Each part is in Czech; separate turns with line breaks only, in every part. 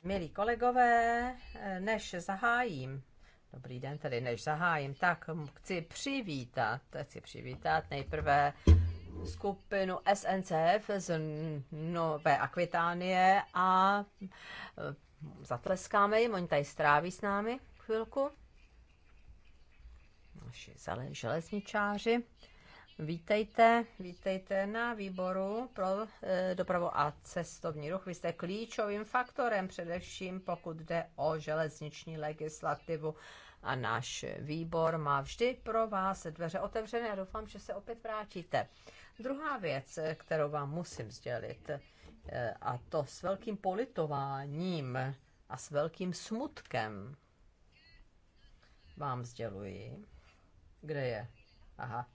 Milí kolegové, než zahájím, dobrý den tedy, než zahájím, tak chci přivítat, chci přivítat nejprve skupinu SNCF z Nové Akvitánie a eh, zatleskáme jim, oni tady stráví s námi chvilku. Naši železničáři. Vítejte, vítejte na výboru pro e, dopravu a cestovní ruch. Vy jste klíčovým faktorem, především pokud jde o železniční legislativu. A náš výbor má vždy pro vás dveře otevřené a doufám, že se opět vrátíte. Druhá věc, kterou vám musím sdělit, e, a to s velkým politováním a s velkým smutkem, vám sděluji, kde je. Aha,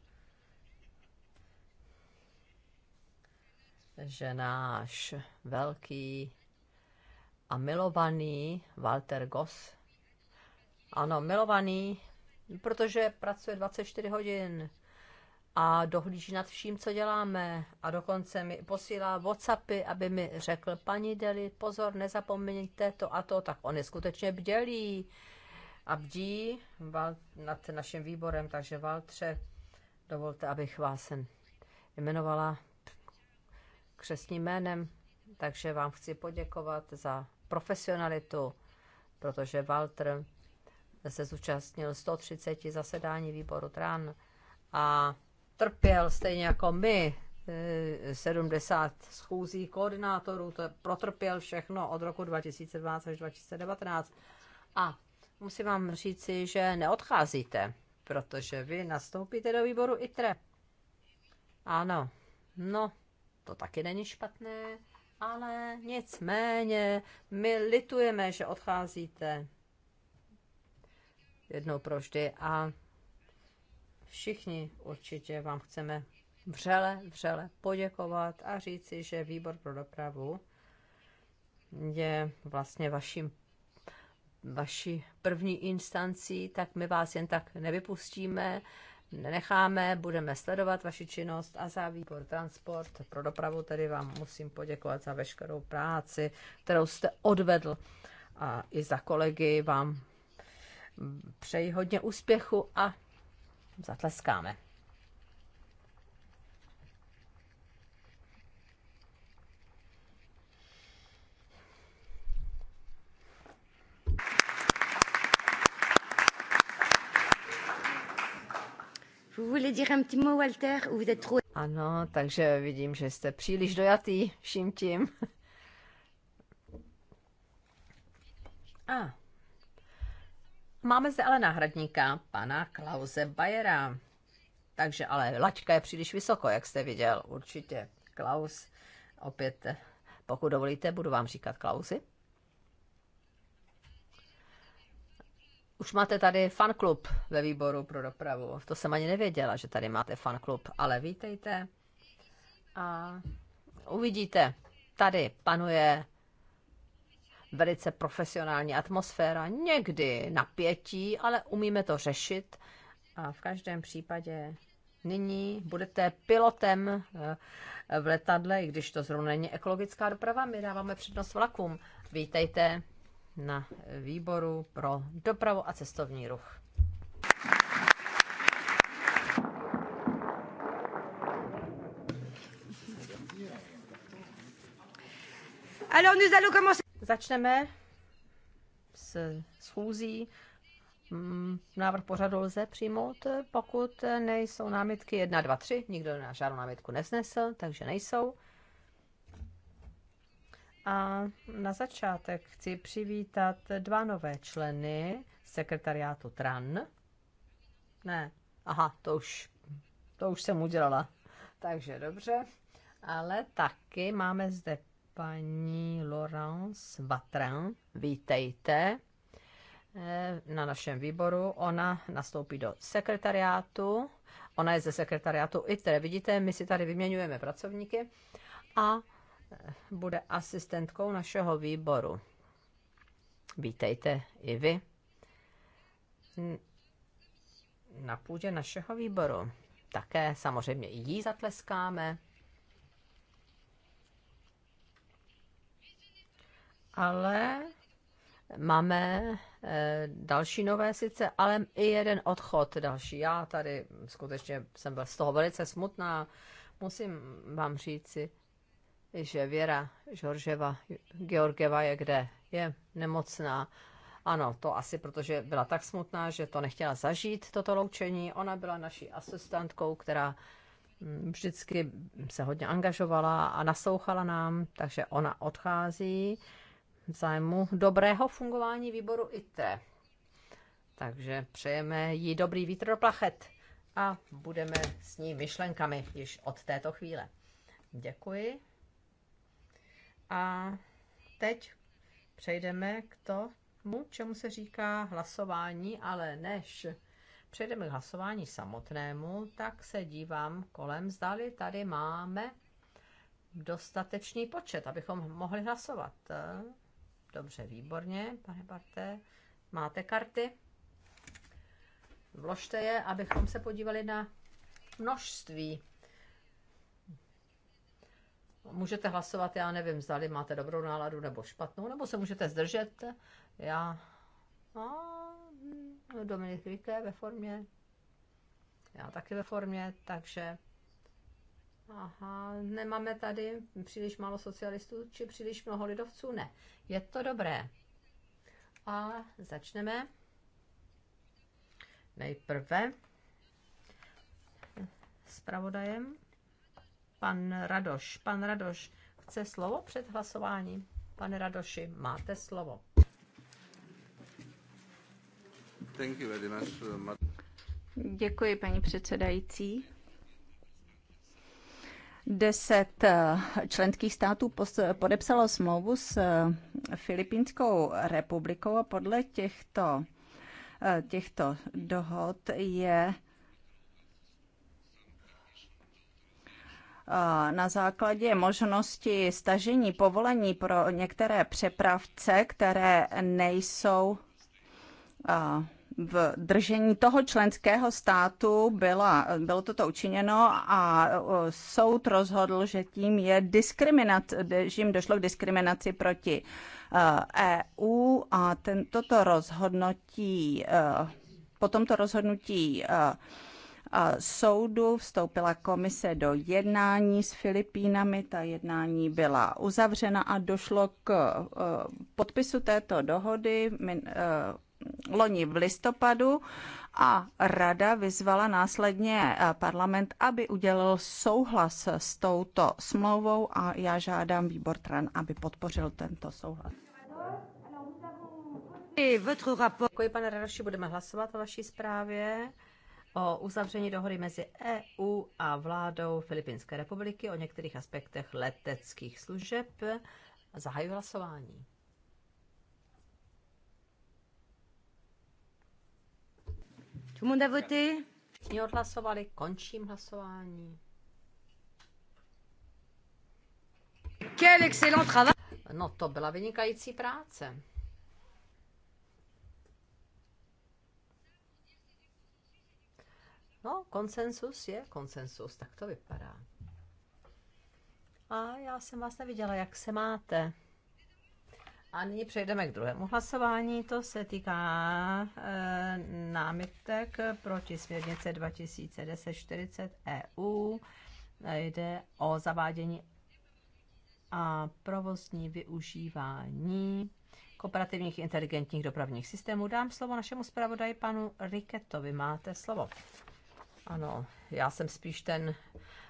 že náš velký a milovaný Walter Goss, ano, milovaný, protože pracuje 24 hodin a dohlíží nad vším, co děláme. A dokonce mi posílá Whatsappy, aby mi řekl, paní Deli, pozor, nezapomeňte to a to. Tak on je skutečně bdělý a bdí nad naším výborem. Takže Valtře, dovolte, abych vás jmenovala křesním jménem, takže vám chci poděkovat za profesionalitu, protože Walter se zúčastnil 130 zasedání výboru TRAN a trpěl stejně jako my 70 eh, schůzí koordinátorů, to protrpěl všechno od roku 2012 až 2019. A musím vám říci, že neodcházíte, protože vy nastoupíte do výboru ITRE. Ano, no, to taky není špatné, ale nicméně my litujeme, že odcházíte jednou provždy a všichni určitě vám chceme vřele, vřele poděkovat a říci, že výbor pro dopravu je vlastně vaším vaší první instancí, tak my vás jen tak nevypustíme nenecháme, budeme sledovat vaši činnost a za výbor transport pro dopravu tedy vám musím poděkovat za veškerou práci, kterou jste odvedl a i za kolegy vám přeji hodně úspěchu a zatleskáme. Ano, takže vidím, že jste příliš dojatý vším tím. A. Máme zde ale náhradníka, pana Klause Bayera. Takže ale laťka je příliš vysoko, jak jste viděl, určitě. Klaus, opět, pokud dovolíte, budu vám říkat Klausy. Už máte tady fanklub ve výboru pro dopravu. To jsem ani nevěděla, že tady máte fanklub, ale vítejte. A uvidíte, tady panuje velice profesionální atmosféra, někdy napětí, ale umíme to řešit. A v každém případě nyní budete pilotem eh, v letadle, i když to zrovna není ekologická doprava, my dáváme přednost vlakům. Vítejte na výboru pro dopravu a cestovní ruch. Alors nous allons commencer. Začneme s schůzí. Mm, návrh pořadu lze přijmout, pokud nejsou námitky 1, 2, 3. Nikdo na žádnou námitku nesnesl, takže nejsou. A na začátek chci přivítat dva nové členy sekretariátu TRAN. Ne, aha, to už, to už jsem udělala. Takže dobře. Ale taky máme zde paní Laurence Vatran. Vítejte eh, na našem výboru. Ona nastoupí do sekretariátu. Ona je ze sekretariátu ITRE. Vidíte, my si tady vyměňujeme pracovníky. A bude asistentkou našeho výboru. Vítejte i vy na půdě našeho výboru. Také samozřejmě i jí zatleskáme. Ale máme eh, další nové sice, ale i jeden odchod další. Já tady skutečně jsem z toho velice smutná. Musím vám říci, že Věra Žorževa, Georgeva je kde? Je nemocná. Ano, to asi protože byla tak smutná, že to nechtěla zažít, toto loučení. Ona byla naší asistentkou, která mm, vždycky se hodně angažovala a naslouchala nám, takže ona odchází v zájmu dobrého fungování výboru ITRE. Takže přejeme jí dobrý vítr do plachet a budeme s ní myšlenkami již od této chvíle. Děkuji. A teď přejdeme k tomu, čemu se říká hlasování, ale než přejdeme k hlasování samotnému, tak se dívám kolem, zdali tady máme dostatečný počet, abychom mohli hlasovat. Dobře, výborně, pane Barté. Máte karty? Vložte je, abychom se podívali na množství Můžete hlasovat, já nevím, zdali máte dobrou náladu nebo špatnou, nebo se můžete zdržet. Já... A no, Dominik Rike ve formě. Já taky ve formě, takže... Aha, nemáme tady příliš málo socialistů či příliš mnoho lidovců? Ne. Je to dobré. A začneme. Nejprve zpravodajem. Pan Radoš, pan Radoš, chce slovo před hlasováním? Pane Radoši, máte slovo. Thank you very much. Uh,
Děkuji, paní předsedající. Deset eh, členských států podepsalo smlouvu s eh, Filipínskou republikou a podle těchto, eh, těchto dohod je na základě možnosti stažení povolení pro některé přepravce, které nejsou v držení toho členského státu byla, bylo toto učiněno a soud rozhodl, že tím je diskriminace, že jim došlo k diskriminaci proti EU e a ten, toto rozhodnutí, e, po tomto rozhodnutí e, soudu. Vstoupila komise do jednání s Filipínami, ta jednání byla uzavřena a došlo k eh, podpisu této dohody eh, loni v listopadu a rada vyzvala následně eh, parlament, aby udělal souhlas s touto smlouvou a já žádám výbor TRAN, aby podpořil tento souhlas.
Děkuji, pane Radoši, budeme hlasovat o vaší zprávě o uzavření dohody mezi EU a vládou Filipínské republiky o některých aspektech leteckých služeb. Zahajuji hlasování. Tout monde Všichni odhlasovali, končím hlasování. Quel excellent travail! No to byla vynikající práce. No, konsensus je konsensus, tak to vypadá. A já jsem vás neviděla, jak se máte. A nyní přejdeme k druhému hlasování. To se týká e, námitek proti směrnice 2010-40 EU. Jde o zavádění a provozní využívání kooperativních inteligentních dopravních systémů. Dám slovo našemu zpravodaji panu Riketovi. Máte slovo. Ano, já jsem spíš ten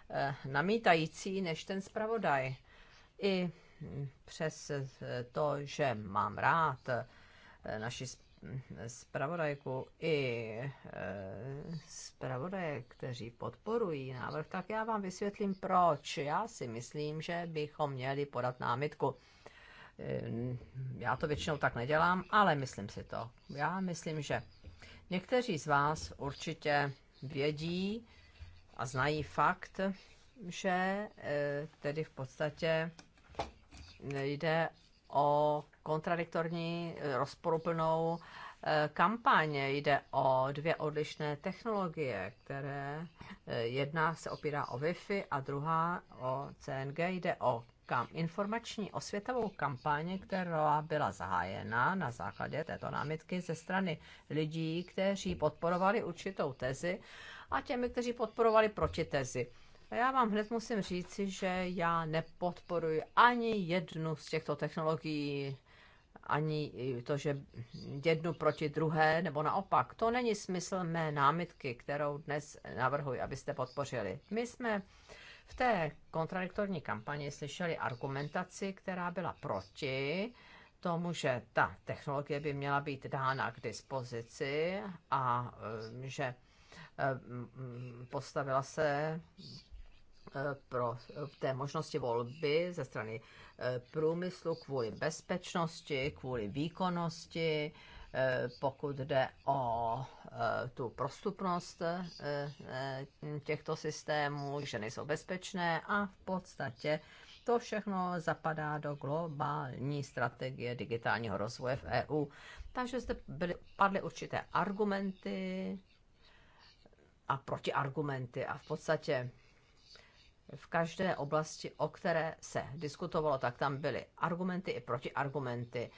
eh, namítající než ten zpravodaj. I hm, přes eh, to, že mám rád eh, naši hm, zpravodajku i zpravodaje, kteří podporují návrh, tak já vám vysvětlím, proč. Já si myslím, že bychom měli podat námitku. Ehm, já to většinou tak nedělám, ale myslím si to. Já myslím, že někteří z vás určitě vědí a znají fakt, že eh, tedy v podstatě jde o kontradiktorní, eh, rozporuplnou eh, kampaň. Jde o dvě odlišné technologie, které jedna se opírá o Wi-Fi a druhá o CNG. Jde o kam, informační osvětovou kampaň, která byla zahájena na základě této námitky ze strany lidí, kteří podporovali určitou tezi a těmi, kteří podporovali protitezi. A já vám hned musím říci, že já nepodporuji ani jednu z těchto technologií, ani to, že jednu proti druhé, nebo naopak. To není smysl mé námitky, kterou dnes navrhuji, abyste podpořili. My jsme v té kontradiktorní kampani slyšeli argumentaci, která byla proti tomu, že ta technologie by měla být dána k dispozici a um, že um, postavila se uh, pro uh, té možnosti volby ze strany uh, průmyslu kvůli bezpečnosti, kvůli výkonnosti Eh, pokud jde o eh, tu prostupnost eh, těchto systémů, že nejsou bezpečné a v podstatě to všechno zapadá do globální strategie digitálního rozvoje v EU. Takže zde byly, padly určité argumenty a protiargumenty a v podstatě v každé oblasti, o které se diskutovalo, tak tam byly argumenty i protiargumenty.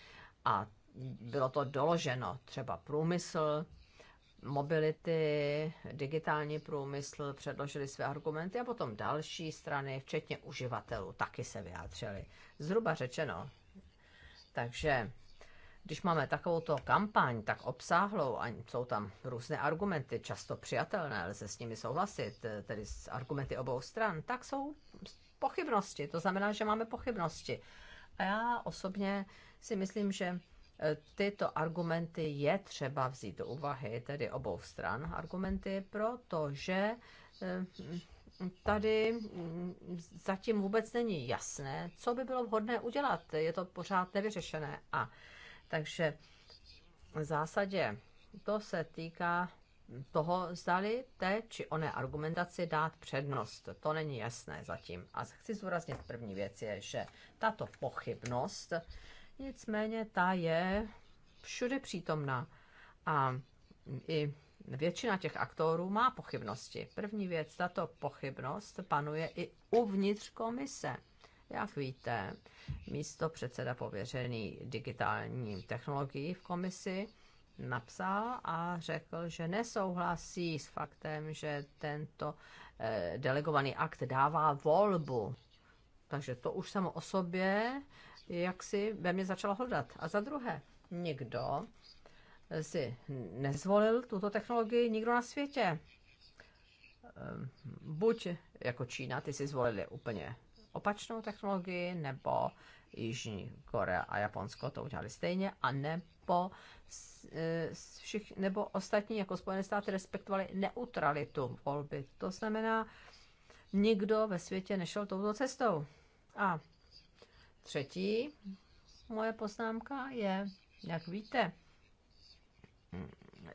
A bylo to doloženo, třeba průmysl, mobility, digitální průmysl předložili své argumenty a potom další strany, včetně uživatelů, taky se vyjádřili. Zhruba řečeno. Takže když máme to kampaň tak obsáhlou a jsou tam různé argumenty, často přijatelné, lze s nimi souhlasit, tedy s argumenty obou stran, tak jsou pochybnosti. To znamená, že máme pochybnosti. A já osobně si myslím, že tyto argumenty je třeba vzít do úvahy, tedy obou stran argumenty, protože eh, tady mm, zatím vůbec není jasné, co by bylo vhodné udělat. Je to pořád nevyřešené. A takže v zásadě to se týká toho, zdali té či oné argumentaci dát přednost. To není jasné zatím. A chci zúraznit první věc je, že tato pochybnost Nicméně ta je všude přítomná a i většina těch aktorů má pochybnosti. První věc, tato pochybnost panuje i uvnitř komise. Jak víte, místo předseda pověřený digitální technologií v komisi napsal a řekl, že nesouhlasí s faktem, že tento eh, delegovaný akt dává volbu. Takže to už samo o sobě jak si ve mně začala hledat. A za druhé, nikdo si nezvolil tuto technologii, nikdo na světě. Ehm, buď jako Čína, ty si zvolili úplně opačnou technologii, nebo Jižní Korea a Japonsko to udělali stejně, a nebo, e, všich, nebo ostatní jako Spojené státy respektovali neutralitu volby. To znamená, nikdo ve světě nešel touto cestou. A Třetí moje poznámka je, jak víte,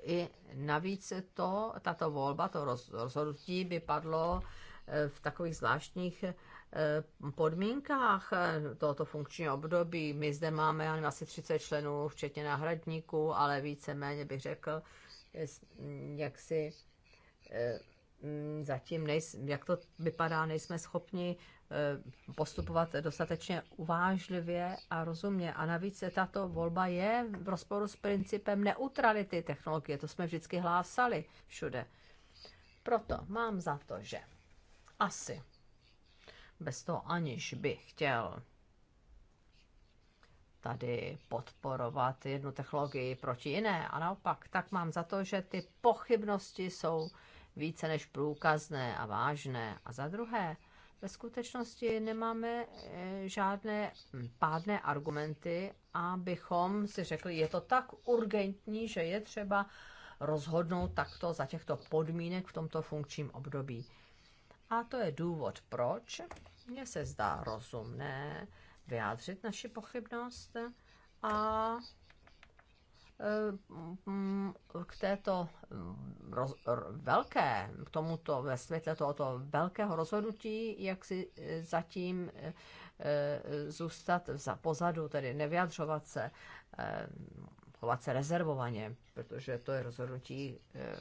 i navíc to, tato volba, to rozhodnutí by padlo eh, v takových zvláštních eh, podmínkách eh, tohoto funkčního období. My zde máme asi 30 členů, včetně náhradníků, ale víceméně bych řekl, mm, jak si mm, zatím, nejs, jak to vypadá, nejsme schopni Eh, postupovat dostatečně uvážlivě a rozumně. A navíc tato volba je v rozporu s principem neutrality technologie. To jsme vždycky hlásali všude. Proto mám za to, že asi bez toho aniž bych chtěl tady podporovat jednu technologii proti jiné a naopak, tak mám za to, že ty pochybnosti jsou více než průkazné a vážné. A za druhé, ve skutečnosti nemáme eh, žádné pádné argumenty, abychom si řekli, je to tak urgentní, že je třeba rozhodnout takto za těchto podmínek v tomto funkčním období. A to je důvod, proč mně se zdá rozumné vyjádřit naši pochybnost a k této roz, velké, k tomuto ve světle tohoto velkého rozhodnutí, jak si e, zatím e, e, zůstat za pozadu, tedy nevyjadřovat se, chovat se rezervovaně, protože to je rozhodnutí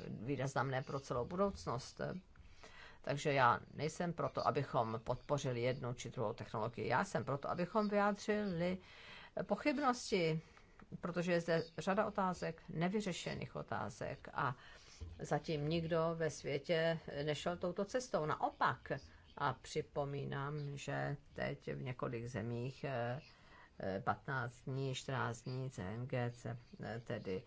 významné pro celou budoucnost. Takže já nejsem proto, abychom podpořili jednu či druhou technologii. Já jsem proto, abychom vyjádřili pochybnosti protože je zde řada otázek, nevyřešených otázek a zatím nikdo ve světě nešel touto cestou. Naopak, a připomínám, že teď v několik zemích 15 eh, eh, dní, 14 dní CNG se eh, tedy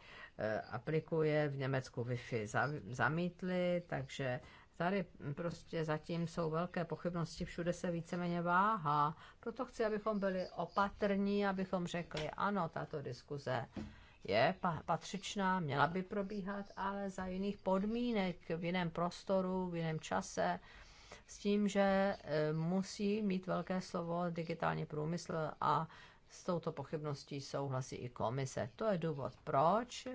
aplikuje. V Německu Wi-Fi zamítli, takže Tady prostě zatím jsou velké pochybnosti, všude se víceméně váhá. Proto chci, abychom byli opatrní, abychom řekli, ano, tato diskuze je patřičná, měla by probíhat, ale za jiných podmínek, v jiném prostoru, v jiném čase, s tím, že e, musí mít velké slovo digitální průmysl a s touto pochybností souhlasí i komise. To je důvod, proč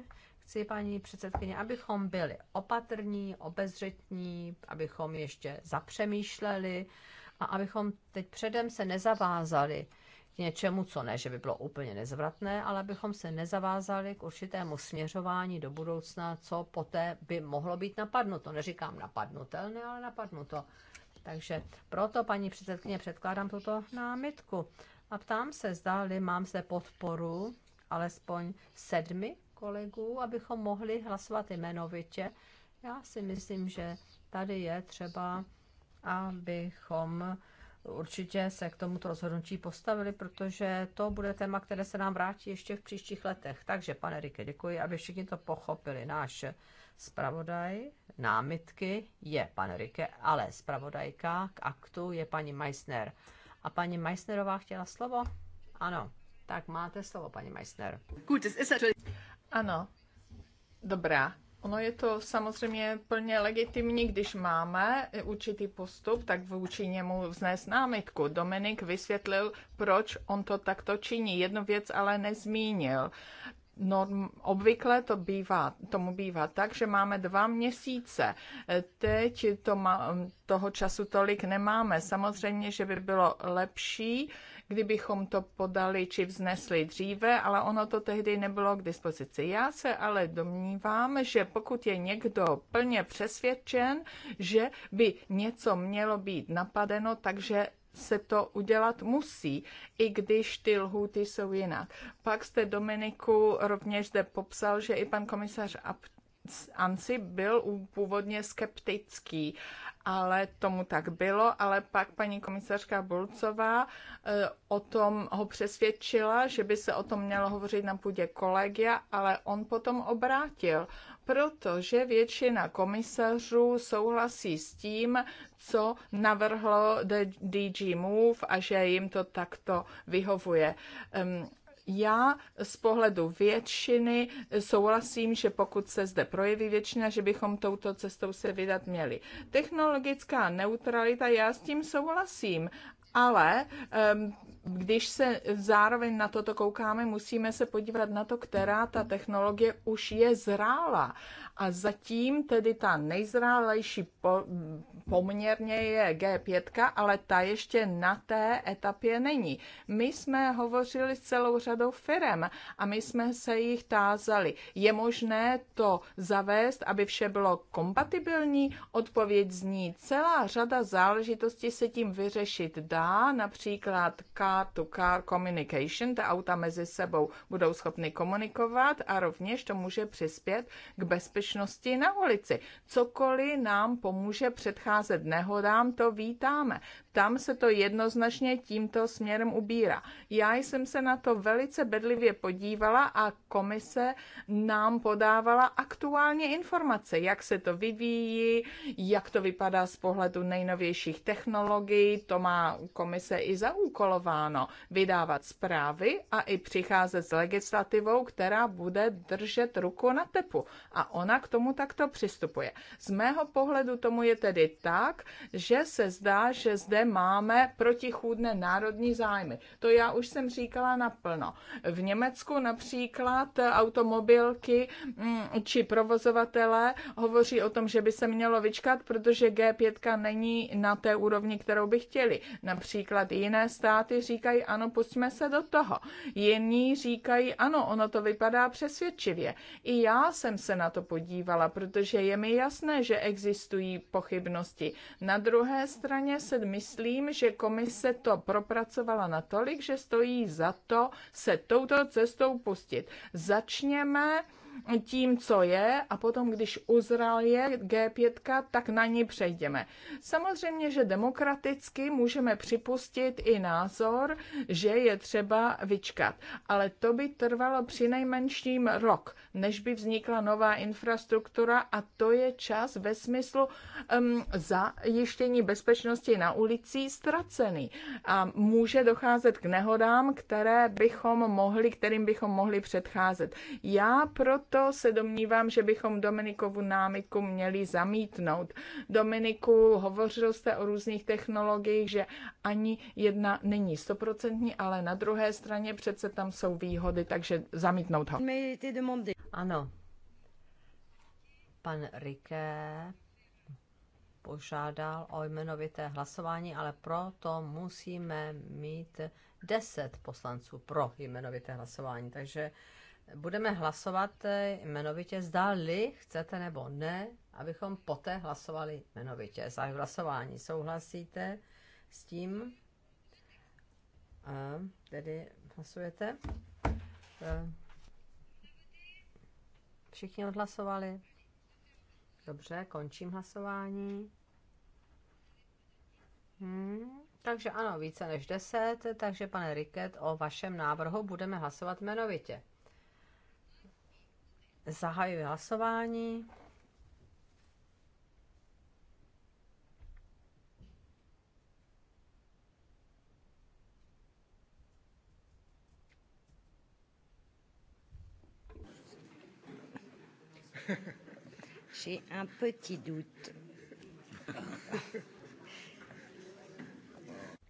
chci, paní předsedkyně, abychom byli opatrní, obezřetní, abychom ještě zapřemýšleli a abychom teď předem se nezavázali k něčemu, co ne, že by bylo úplně nezvratné, ale abychom se nezavázali k určitému směřování do budoucna, co poté by mohlo být napadnuto. Neříkám napadnutelné, ale napadnuto. Takže proto, paní předsedkyně, předkládám tuto námitku. A ptám se, zdáli mám zde podporu alespoň sedmi kolegů, abychom mohli hlasovat jmenovitě. Já si myslím, že tady je třeba, abychom určitě se k tomuto rozhodnutí postavili, protože to bude téma, které se nám vrátí ještě v příštích letech. Takže, pane Riky, děkuji, aby všichni to pochopili. Náš zpravodaj námitky je pan Rike, ale zpravodajka k aktu je paní Meissner. A paní Meissnerová chtěla slovo? Ano.
Tak máte slovo, paní Meissner. Ano, dobrá. Ono je to samozřejmě plně legitimní, když máme určitý postup, tak vůči němu vznést námitku. Dominik vysvětlil, proč on to takto činí. Jednu věc ale nezmínil. Norm, obvykle to bývá, tomu bývá tak, že máme dva měsíce. Teď to má, toho času tolik nemáme. Samozřejmě, že by bylo lepší, kdybychom to podali či vznesli dříve, ale ono to tehdy nebylo k dispozici. Já se ale domnívám, že pokud je někdo plně přesvědčen, že by něco mělo být napadeno, takže se to udělat musí, i když ty lhůty jsou jinak. Pak jste Dominiku rovněž zde popsal, že i pan komisař Anci byl původně skeptický ale tomu tak bylo, ale pak paní komisařka Bulcová e, o tom ho přesvědčila, že by se o tom mělo hovořit na půdě kolegia, ale on potom obrátil, protože většina komisařů souhlasí s tím, co navrhlo DG Move a že jim to takto vyhovuje. Já z pohledu většiny souhlasím, že pokud se zde projeví většina, že bychom touto cestou se vydat měli. Technologická neutralita, já s tím souhlasím, ale ehm, když se zároveň na toto koukáme, musíme se podívat na to, která ta technologie už je zrála a zatím tedy ta nejzrálejší po, poměrně je G5, ale ta ještě na té etapě není. My jsme hovořili s celou řadou firm a my jsme se jich tázali. Je možné to zavést, aby vše bylo kompatibilní? Odpověď zní, celá řada záležitostí se tím vyřešit dá, například car-to-car communication, ta auta mezi sebou budou schopny komunikovat a rovněž to může přispět k bezpečnosti bezpečnosti na ulici. Cokoliv nám pomůže předcházet nehodám, to vítáme tam se to jednoznačně tímto směrem ubírá. Já jsem se na to velice bedlivě podívala a komise nám podávala aktuálně informace, jak se to vyvíjí, jak to vypadá z pohledu nejnovějších technologií. To má komise i zaúkolováno vydávat zprávy a i přicházet s legislativou, která bude držet ruku na tepu. A ona k tomu takto přistupuje. Z mého pohledu tomu je tedy tak, že se zdá, že zde máme protichůdné národní zájmy. To já už jsem říkala naplno. V Německu například automobilky mm, či provozovatele hovoří o tom, že by se mělo vyčkat, protože G5 není na té úrovni, kterou by chtěli. Například jiné státy říkají, ano, pustíme se do toho. Jiní říkají, ano, ono to vypadá přesvědčivě. I já jsem se na to podívala, protože je mi jasné, že existují pochybnosti. Na druhé straně se myslí, myslím, že komise to propracovala natolik, že stojí za to se touto cestou pustit. Začněme tím, co je a potom, když uzral je G5, tak na ní přejdeme. Samozřejmě, že demokraticky můžeme připustit i názor, že je třeba vyčkat, ale to by trvalo při nejmenším rok, než by vznikla nová infrastruktura a to je čas ve smyslu um, zajištění bezpečnosti na ulici ztracený. A může docházet k nehodám, které bychom mohli, kterým bychom mohli předcházet. Já proto proto se domnívám, že bychom Dominikovu námitku měli zamítnout. Dominiku, hovořil jste o různých technologiích, že ani jedna není stoprocentní, ale na druhé straně přece tam jsou výhody, takže zamítnout ho. Ano.
Pan Riké požádal o jmenovité hlasování, ale proto musíme mít 10 poslanců pro jmenovité hlasování. Takže budeme hlasovat eh, jmenovitě, zda-li chcete nebo ne, abychom poté hlasovali jmenovitě. Za hlasování souhlasíte s tím, a tedy hlasujete. Eh, všichni odhlasovali. Dobře, končím hlasování. Hmm, takže ano, více než 10, takže pane Riket, o vašem návrhu budeme hlasovat jmenovitě. Zahajuji hlasování. J'ai un petit doute.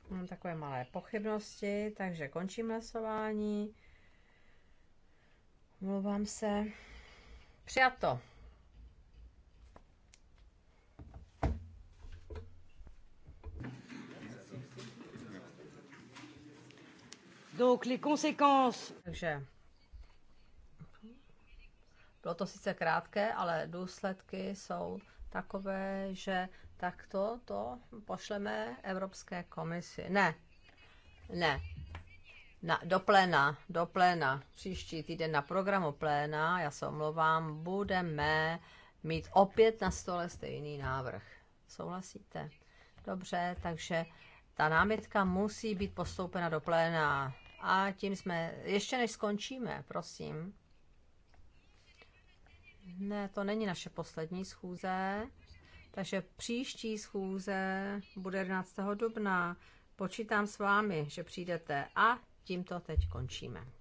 Mám takové malé pochybnosti, takže končím hlasování. Mluvám se. Přijato. Donc les conséquences. Takže bylo to sice krátké, ale důsledky jsou takové, že takto to pošleme Evropské komisi. Ne, ne, na, do pléna, do pléna, příští týden na programu pléna, já se omlouvám, budeme mít opět na stole stejný návrh. Souhlasíte? Dobře, takže ta námitka musí být postoupena do pléna. A tím jsme, ještě než skončíme, prosím. Ne, to není naše poslední schůze. Takže příští schůze bude 11. dubna. Počítám s vámi, že přijdete. A tímto teď končíme.